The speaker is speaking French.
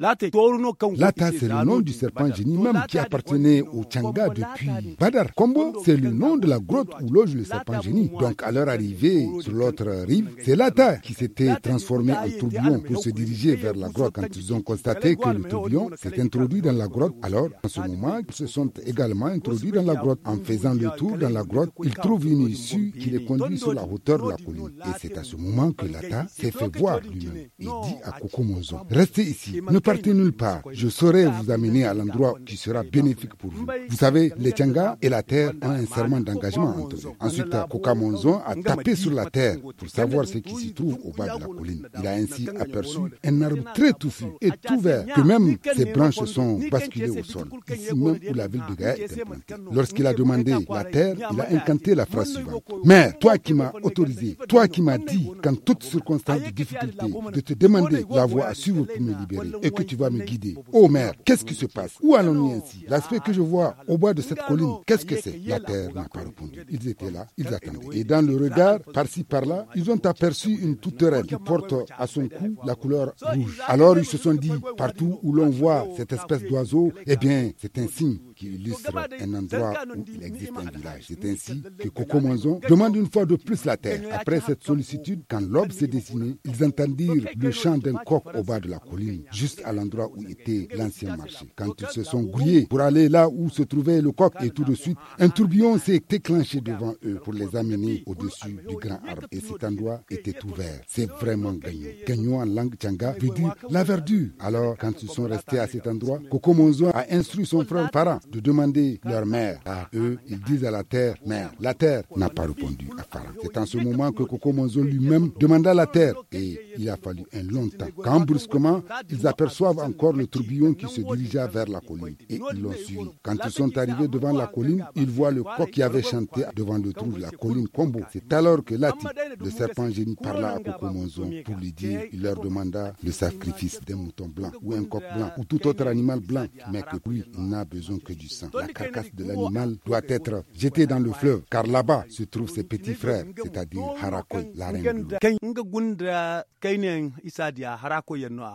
Lata, c'est le nom du serpent génie même qui appartenait au Tchanga depuis Badar. Kombo, c'est le nom de la grotte où loge le serpent génie. Donc, à leur arrivée sur l'autre rive, c'est Lata qui s'était transformé en tourbillon pour se diriger vers la grotte. Quand ils ont constaté que le tourbillon s'est introduit dans la grotte, alors, en ce moment, ils se sont également introduits dans la grotte. En faisant le tour dans la grotte, ils trouvent une issue qui les conduit sur la hauteur de la colline. Et c'est à ce moment que Lata s'est fait voir lui-même. Il dit à Kokomozo, restez ici, ne partez nulle part, je saurai vous amener à l'endroit qui sera bénéfique pour vous. Vous savez, les Tianga et la terre ont un serment d'engagement entre eux. Ensuite, Kokamonzon a tapé sur la terre pour savoir ce qui s'y trouve au bas de la colline. Il a ainsi aperçu un arbre très touffu et tout vert, que même ses branches sont basculées au sol, ici même où la ville de Gaïa est implantée. Lorsqu'il a demandé la terre, il a incanté la phrase suivante. Mais toi qui m'as autorisé, toi qui m'as dit qu'en toutes circonstances de difficulté, de te demander la voie à suivre pour me libérer, et que tu vas me guider. Oh mère, qu'est-ce qui se passe Où allons-nous ainsi L'aspect que je vois au bois de cette colline, qu'est-ce que c'est La terre n'a pas hein. répondu. Ils étaient là, ils attendaient. Et dans le regard, par-ci par-là, ils ont aperçu une reine qui porte à son cou la couleur rouge. Alors ils se sont dit, partout où l'on voit cette espèce d'oiseau, eh bien, c'est un signe qui illustre un endroit où il existe un village. C'est ainsi que Coco demande une fois de plus la terre. Après cette sollicitude, quand l'aube s'est dessinée, ils entendirent le chant d'un coq au bas de la colline, juste à l'endroit où était l'ancien marché. Quand ils se sont grouillés pour aller là où se trouvait le coq, et tout de suite, un tourbillon s'est déclenché devant eux pour les amener au-dessus du grand arbre. Et cet endroit était ouvert. C'est vraiment gagnant. Gagnant en langue tchanga veut dire la verdure. Alors, quand ils sont restés à cet endroit, Coco a instruit son frère Farah de demander leur mère. À eux, ils disent à la terre, mère. La terre n'a pas répondu à Farah. C'est en ce moment que Coco lui-même demanda la terre et il a fallu un long temps. Quand brusquement, ils aperçoivent encore le tourbillon qui se dirigea vers la colline et ils l'ont suivi. Quand ils sont arrivés devant la colline, ils voient le coq qui avait chanté devant le trou de la colline Combo. C'est alors que Lati, le serpent génie, parla à Kokomonzon pour lui dire, il leur demanda le sacrifice d'un mouton blanc ou un coq blanc ou tout autre animal blanc, mais que lui, il n'a besoin que du sang. La carcasse de l'animal doit être jetée dans le fleuve, car là-bas se trouvent ses petits frères, c'est-à-dire Harakoy, la reine kaine isadi a hara ko yenno a